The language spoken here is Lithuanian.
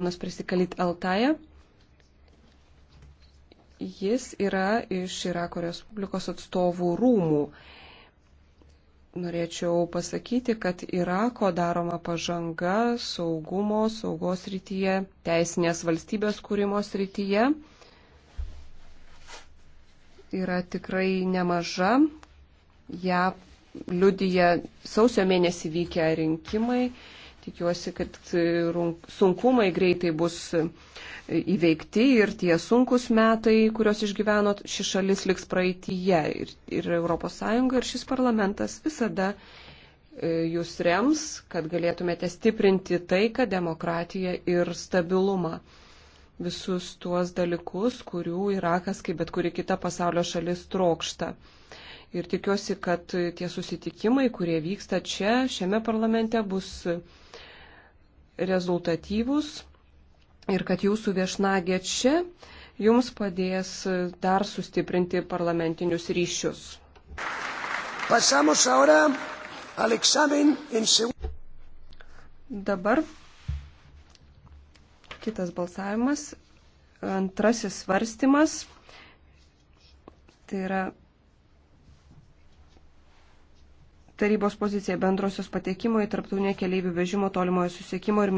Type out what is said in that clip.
Ponas Prisikalit Altaja. Jis yra iš Irako Respublikos atstovų rūmų. Norėčiau pasakyti, kad Irako daroma pažanga saugumo, saugos rytyje, teisinės valstybės kūrimo rytyje yra tikrai nemaža. Ja liudyje sausio mėnesį vykę rinkimai Tikiuosi, kad sunkumai greitai bus e, įveikti ir tie sunkus metai, kuriuos išgyveno ši šalis, liks praeitįje. Ir, ir ES ir šis parlamentas visada e, jūs rems, kad galėtumėte stiprinti taiką, demokratiją ir stabilumą. Visus tuos dalykus, kurių Irakas, kaip bet kuri kita pasaulio šalis, trokšta ir tikiuosi, kad tie susitikimai, kurie vyksta čia, šiame parlamente, bus rezultatyvūs ir kad jūsų viešnagė čia jums padės dar sustiprinti parlamentinius ryšius. Dabar kitas balsavimas, antrasis svarstymas, tai yra tarybos pozicija bendrosios patekimo į tarptautinę keleivių vežimo tolimojo susiekimo ir